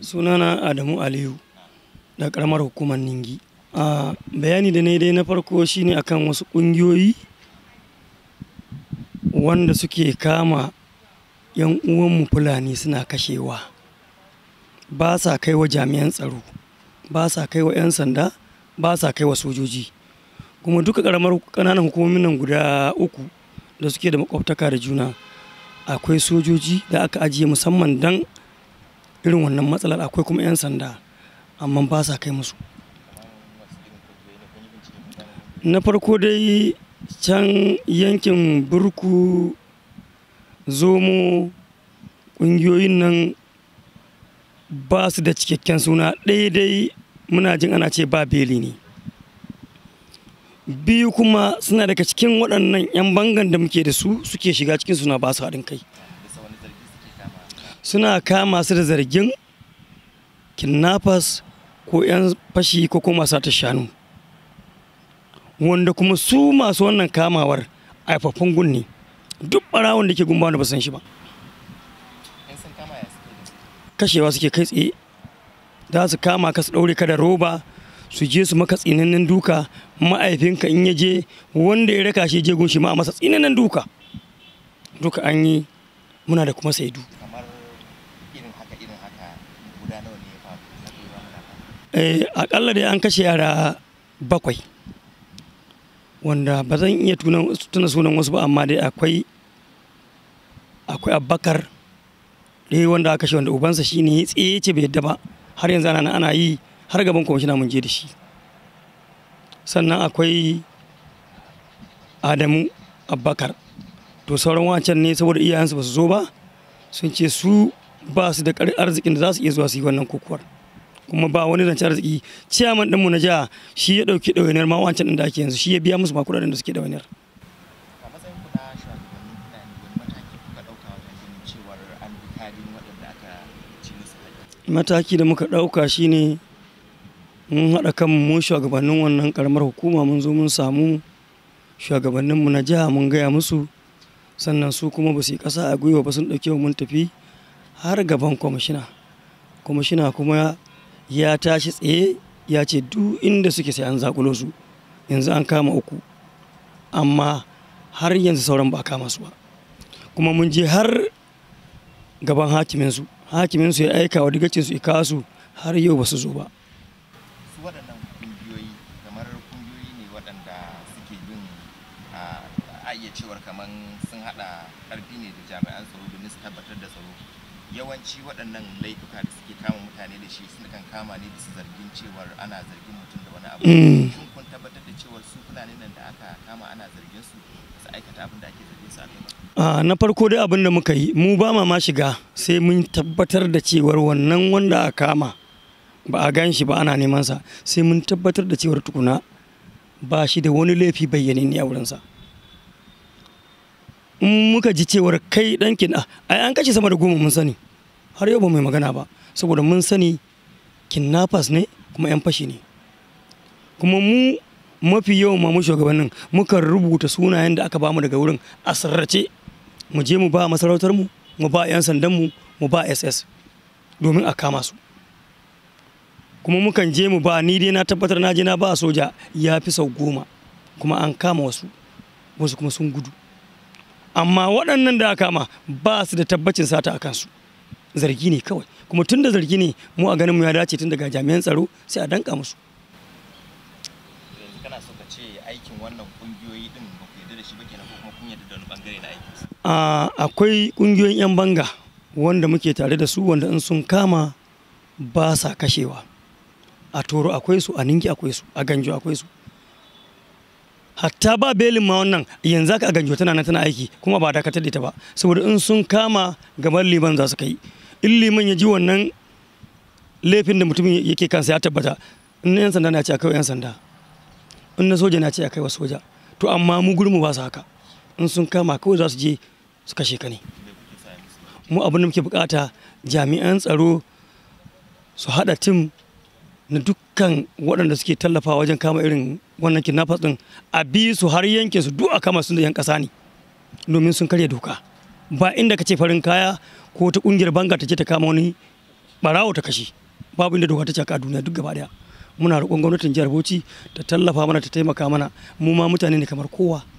sunana adamu aliyu da karamar hukumar ningi a bayani da na dai na farko shine akan wasu ƙungiyoyi wanda suke kama yan uwanmu fulani suna kashewa ba sa kai wa jami'an tsaro ba sa kai wa 'yan sanda ba sa kai wa sojoji kuma duka karamar kananan hukumomin nan guda uku da suke da makwabtaka da juna akwai sojoji da aka ajiye musamman dan irin wannan matsalar akwai kuma 'yan sanda amma ba sa kai musu na farko dai can yankin burku zomo ƙungiyoyin nan ba su da cikakken suna ɗaya dai muna jin ana ce ba beli ne biyu kuma suna daga cikin waɗannan 'yan bangan da muke da su suke shiga cikin suna ba su haɗin kai suna kama su da zargin kidnappers ko 'yan fashi ko kuma sata shanu wanda kuma su masu wannan kamawar haifafun gun ne duk ɓarawon da ke gumba wanda ba san shi ba kashewa suke kai tsaye za su kama ka su ɗaure ka da roba su je su maka tsinannen duka ma'aifinka in ya je wanda ya raka shi je gunshi ma a masa tsinannen duka duka an yi muna da kuma saidu akalla eh, dai an kashe yara bakwai wanda ba zan iya tuna sunan wasu ba amma dai akwai akwai abakar ɗaya wanda aka shi wanda ubansa shine tsaye ce bai yadda ba har yanzu ana ana yi har gaban kwamishina mun je da shi sannan akwai adamu abbakar to sauran wancan ne saboda iyayensu ba su zo ba sun ce su ba su da arzikin da za su iya zuwa su yi wannan kokuwar kuma ba wani zancen arziki ciyaman ɗinmu na jiha shi ya ɗauki ɗawainiyar ma wancan ɗin da ake yanzu shi ya biya musu ma kuɗaɗen da suke ɗawainiyar mataki da muka ɗauka shine mun haɗa kan mu shugabannin wannan karamar hukuma mun zo mun samu shugabanninmu na jiha mun gaya musu sannan su kuma ba su yi ƙasa a gwiwa ba sun ɗauke mun tafi har gaban kwamishina kwamishina kuma ya tashi tsaye ya ce duk inda suke sai an zaƙulo su yanzu an kama uku amma har yanzu sauran ba kama su ba kuma mun je har gaban hakiminsu hakiminsu ya aika wa digacin su ya har yau ba su zo ba a iya cewar kamar sun hada karfi ne da jami'an tsaro domin su tabbatar da tsaro yawanci waɗannan laifuka da suke kama mutane da shi suna kan kama ne bisa zargin cewar ana zargin mutum da wani abu mm. shin kun tabbatar da cewar su fulani nan da aka kama ana zargin su su aikata abin da ake zargin su a kai ba na farko dai abin da muka yi mu ba ma shiga sai mun tabbatar da cewar wannan wanda aka kama ba a gan shi ba ana neman sa sai mun tabbatar da cewar tukuna ba shi da wani laifi ne a wurinsa. sa muka ji cewar kai ɗanki na ai an kashe sama da goma mun sani har yau ba mai magana ba saboda mun sani kidnappers ne kuma 'yan fashi ne kuma mu mafi yawan mamu shugabannin muka rubuta sunayen da aka bamu daga wurin asirrace mu je mu ba masarautar mu mu ba 'yan sandan mu mu ba ss domin a kama su kuma mukan je mu ba ni dai na tabbatar na je na ba soja ya fi sau goma kuma an kama wasu wasu kuma sun gudu amma waɗannan da aka kama ba su da tabbacin sata a kansu zargi ne kawai kuma tun da zargi ne mu a ganin mu ya dace tun daga jami'an tsaro sai a danka musu kana so ka ce aikin wannan kungiyoyi din ba ku yarda da shi ba kenan ko kuma kun yarda da wani bangare na aikin a akwai kungiyoyin yan banga wanda muke tare da su wanda in sun kama ba sa kashewa a toro akwai su a ninki akwai su a ganjo akwai su hatta ba belin ma wannan yanzu aka ganjo tana nan tana aiki kuma ba dakatar da ita ba saboda in sun kama gaban liman za su kai in liman ya ji wannan laifin da mutumin yake kansa ya tabbata in yan sanda na ce akai yan sanda in na soja na ce akai wa soja to amma mu gurmu ba su haka in sun kama kawai za su je su kashe ka ne mu abin da muke bukata jami'an tsaro su haɗa tim na dukkan waɗanda suke tallafa wajen kama irin wannan kidnappers din a bi su har yanke su duk a kama sun da yan kasa ne domin sun karya doka ba inda ka ce farin kaya ko ta kungiyar banga ta ce ta kama wani barawo ta kashe babu inda doka ta ce a duniya duk gaba daya muna roƙon gwamnatin jihar Bauchi ta tallafa mana ta taimaka mana mu ma mutane ne kamar kowa